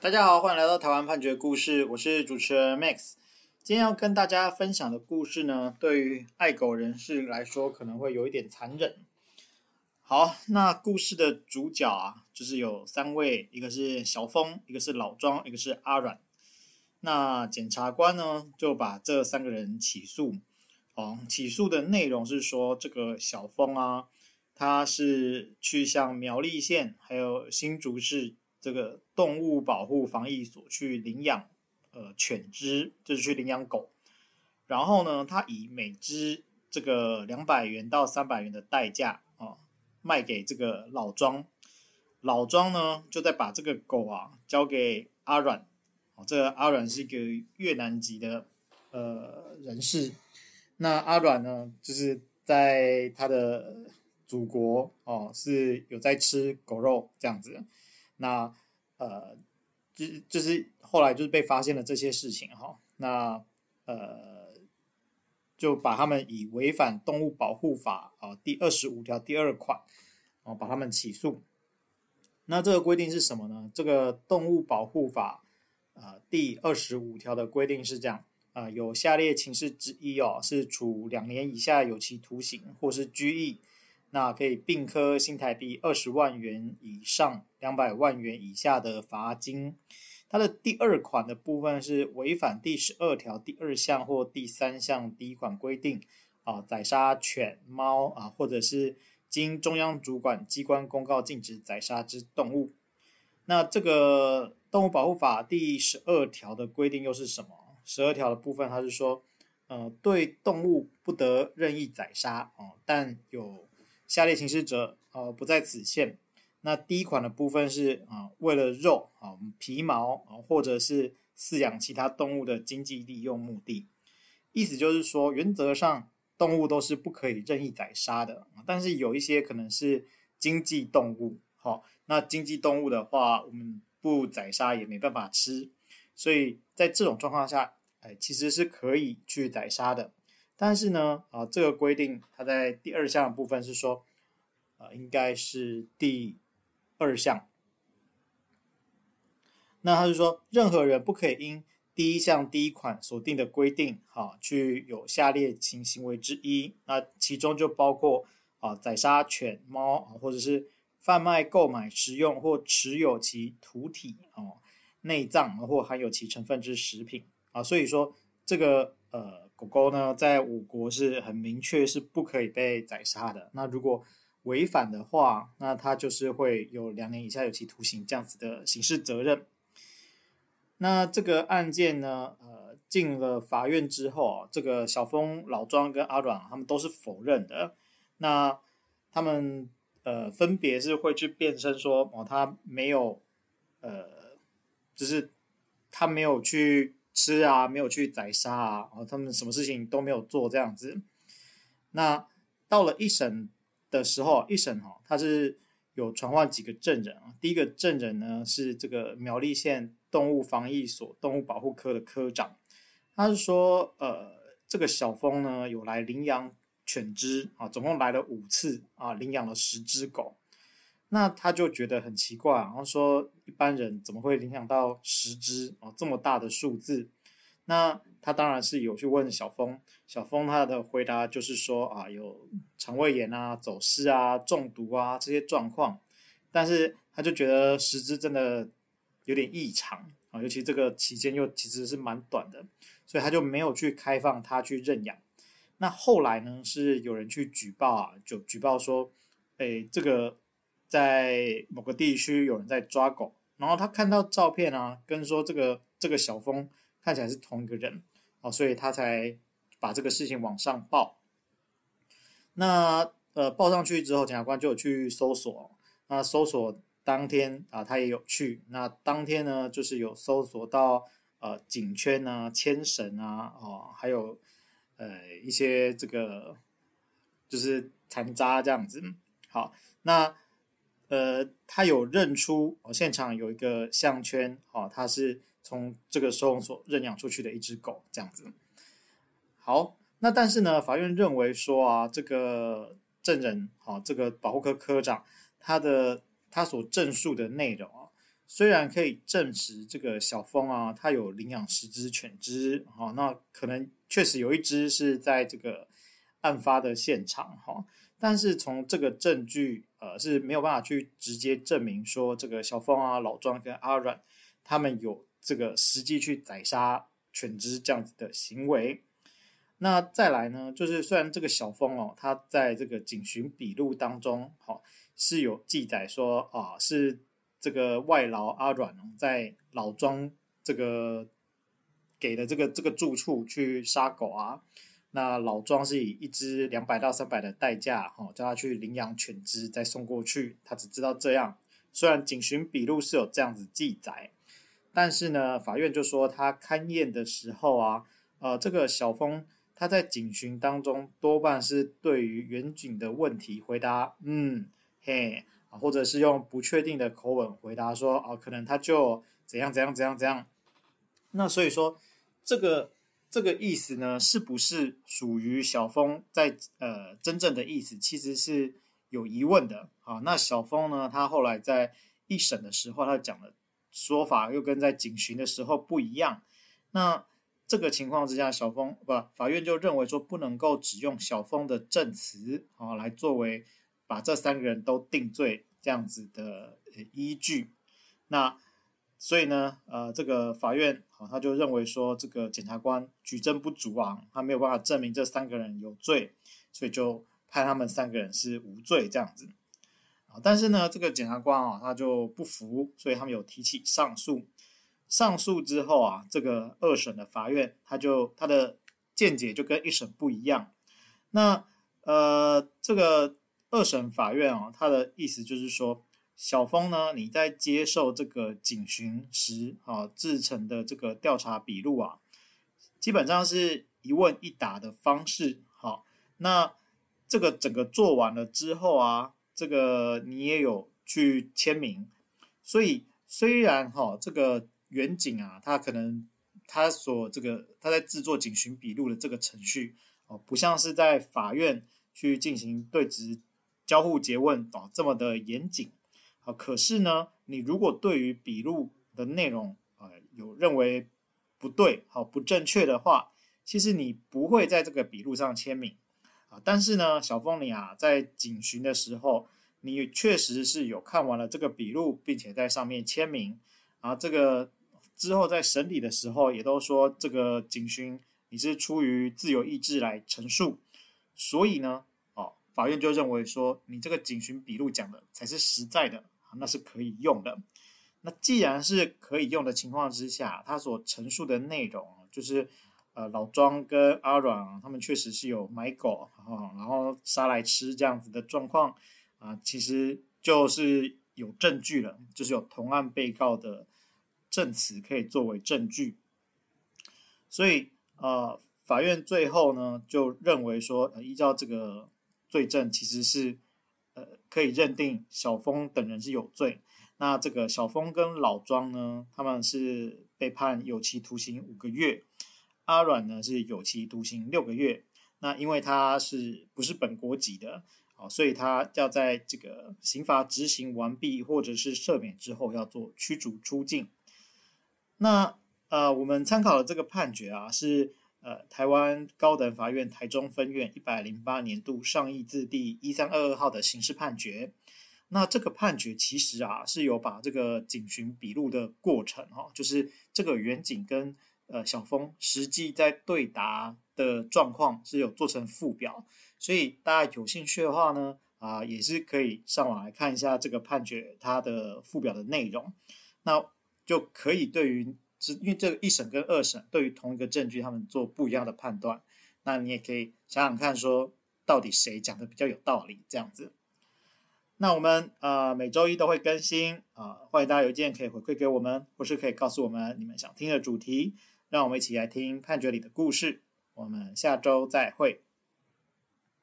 大家好，歡迎來到台灣判決故事，我是主持人 Max。今天要跟大家分享的故事呢，對於愛狗人士來說可能會有一點殘忍。好，那故事的主角啊，就是有三位，一個是小豐，一個是老莊，一個是阿阮。那檢察官呢，就把這三個人起訴。哦，起訴的內容是說，這個小豐啊，他是去向苗栗縣還有新竹市。這個動物保護防疫所去領養，呃，犬只就是去領養狗，然後呢，他以每只這個兩百元到三百元的代價啊，哦，賣給這個老莊。老莊呢，就在把這個狗啊交給阿阮，哦。這個阿阮是一個越南籍的呃人士。那阿阮呢，就是在他的祖國哦，是有在吃狗肉這樣子。那，呃，這、就、這是後來就是被發現了這些事情哈，那呃，就把他們以違反動物保護法啊第二十五條第二款，哦把他們起訴。那這個規定是什麼呢？這個動物保護法啊第二十五條的規定是這樣啊，有下列情事之一哦，是處兩年以下有期徒刑或是拘役。那可以併科新台幣二十萬元以上兩百萬元以下的罰金。它的第二款的部分是違反第十二條第二項或第三項第一款規定，啊，宰殺犬、貓啊，或者是經中央主管機關公告禁止宰殺之動物。那這個動物保護法第十二條的規定又是什麼？十二條的部分，它是說，呃，對動物不得任意宰殺哦，但有。下列情形者，呃，不在此限。那第一款的部分是啊，為了肉啊、皮毛啊，或者是飼養其他動物的經濟利用目的，意思就是說，原則上動物都是不可以任意宰殺的。但是有一些可能是經濟動物，好，那經濟動物的話，我們不宰殺也沒辦法吃，所以在這種狀況下，哎，其實是可以去宰殺的。但是呢，啊，這個規定它在第二項的部分是說，啊、呃，應該是第二項。那他就說，任何人不可以因第一項第一款所定的規定，好、啊，去有下列行行為之一。那其中就包括啊，宰殺犬貓、貓啊，或者是販賣、購買、食用或持有其屠體、啊，內臟或含有其成分之食品啊。所以說，這個呃。狗狗呢，在我國是很明確是不可以被宰殺的。那如果違反的話，那他就是會有兩年以下有期徒刑這樣子的刑事責任。那這個案件呢，呃，進了法院之後啊，這個小豐、老莊跟阿阮他們都是否認的。那他們呃，分別是會去辯稱說，哦，他沒有，呃，就是他沒有去。吃啊，沒有去宰殺啊，然後他們什麼事情都沒有做這樣子。那到了一審的時候，一審哈，他是有傳喚幾個證人啊。第一個證人呢是這個苗栗縣動物防疫所動物保護科的科長，他是說，呃，這個小豐呢有來領養犬隻啊，總共來了五次啊，領養了十隻狗。那他就覺得很奇怪，然後說。一般人怎麼會聯想到十隻啊這麼大的數字？那他當然是有去問小豐，小豐他的回答就是說啊，有腸胃炎啊、走失啊、中毒啊這些狀況，但是他就覺得十隻真的有點異常啊，尤其這個期間又其實是蠻短的，所以他就沒有去開放他去認養。那後來呢，是有人去舉報啊，就舉報說，哎，這個在某個地區有人在抓狗。然後他看到照片啊，跟說這個這個小豐看起來是同一個人，哦、所以他才把這個事情往上報。那呃報上去之後，檢察官就有去搜索。那搜索當天啊、呃，他也有去。那當天呢，就是有搜索到呃頸圈啊、牽繩啊，哦，還有呃一些這個就是殘渣這樣子。嗯、好，那。呃，他有認出，哦，現場有一個項圈，哈、哦，他是從這個收容所認養出去的一隻狗，這樣子。好，那但是呢，法院認為說啊，這個證人，哈、哦，這個保護科科長，他的他所證述的內容啊，雖然可以證實這個小峰啊，他有領養十隻犬隻，哈、哦，那可能確實有一隻是在這個。案發的現場，哈，但是從這個證據，呃，是沒有辦法去直接證明說這個小豐啊、老莊跟阿阮他們有這個實際去宰殺犬隻這樣子的行為。那再來呢，就是雖然這個小豐哦、啊，他在這個警詢筆錄當中，好、啊、是有記載說啊，是這個外勞阿阮、啊、在老莊這個給的這個這個住處去殺狗啊。那老莊是以一隻兩百到三百的代價，吼叫他去領養犬只，再送過去。他只知道這樣。雖然警詢筆錄是有這樣子記載，但是呢，法院就說他勘驗的時候啊，呃，這個小豐他在警詢當中多半是對於員警的問題回答，嗯嘿啊，或者是用不確定的口吻回答說，哦、呃，可能他就怎樣怎樣怎樣怎樣。那所以說這個。這個意思呢，是不是屬於小豐在呃真正的意思，其實是有疑問的啊？那小豐呢，他後來在一審的時候，他講的說法又跟在警詢的時候不一樣。那這個情況之下，小豐不，法院就認為說，不能夠只用小豐的證詞啊，來作為把這三個人都定罪這樣子的依據。那所以呢，呃，這個法院啊，他就認為說，這個檢察官舉證不足啊，他沒有辦法證明這三個人有罪，所以就判他們三個人是無罪這樣子。啊，但是呢，這個檢察官啊，他就不服，所以他們有提起上訴。上訴之後啊，這個二審的法院，他就他的見解就跟一審不一樣。那呃，這個二審法院啊，他的意思就是說。小豐呢？你在接受這個警詢時啊、哦，制成的這個調查筆錄啊，基本上是一問一答的方式。好、哦，那這個整個做完了之後啊，這個你也有去簽名。所以雖然哈、哦，這個員警啊，他可能他所這個他在制作警詢筆錄的這個程序哦，不像是在法院去進行對質交互詰問啊、哦、這麼的嚴謹。啊，可是呢，你如果對於筆錄的內容呃有認為不對、好、哦、不正確的話，其實你不會在這個筆錄上簽名啊。但是呢，小豐你啊，在警詢的時候，你確實是有看完了這個筆錄，並且在上面簽名。啊，這個之後在審理的時候，也都說這個警詢你是出於自由意志來陳述，所以呢，哦，法院就認為說你這個警詢筆錄講的才是實在的。那是可以用的。那既然是可以用的情況之下，他所陳述的內容，就是呃老莊跟阿阮他們確實是有買狗，然、嗯、後然後殺來吃這樣子的狀況啊、呃，其實就是有證據了，就是有同案被告的證詞可以作為證據。所以呃，法院最後呢就認為說、呃，依照這個罪證其實是。呃、可以認定小豐等人是有罪，那這個小豐跟老莊呢，他們是被判有期徒刑五個月，阿阮呢是有期徒刑六個月。那因為他是不是本國籍的，哦、所以他要在這個刑罰執行完畢或者是赦免之後，要做驅逐出境。那呃，我們參考的這個判決啊，是。呃，台灣高等法院台中分院一百零八年度上易字第一三二二號的刑事判決，那這個判決其實啊是有把這個警詢筆錄的過程、哦，哈，就是這個員警跟呃小豐實際在對答的狀況是有做成附表，所以大家有興趣的話呢，啊、呃，也是可以上網來看一下這個判決它的附表的內容，那就可以對於。是因為這個一審跟二審對於同一個證據，他們做不一樣的判斷，那你也可以想想看，說到底誰講的比較有道理這樣子。那我們呃每週一都會更新啊，呃，歡迎大家郵件可以回饋給我們，或是可以告訴我們你們想聽的主題，讓我們一起來聽判決裡的故事。我們下週再會。